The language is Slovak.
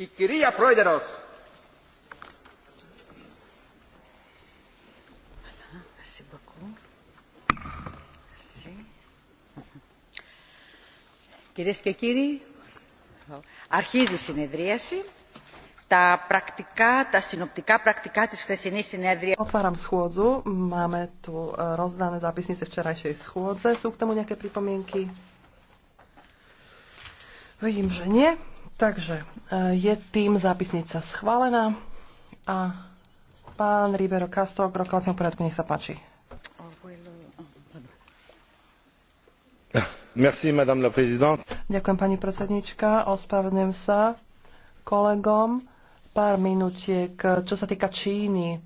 Η κυρία Πρόεδρος. Κυρίες και κύριοι, αρχίζει η συνεδρίαση. Τα πρακτικά, τα συνοπτικά πρακτικά της χθεσινής συνέδρια... Otváram schôdzu. Máme tu rozdané zápisnice včerajšej schôdze. Sú k tomu nejaké pripomienky? Vidím, že nie. Takže e, je tým zápisnica schválená a pán Ribero Castro k poriadku, nech sa páči. Merci, madame la présidente. Ďakujem, pani predsednička. Ospravedlňujem sa kolegom. Pár minutiek, čo sa týka Číny.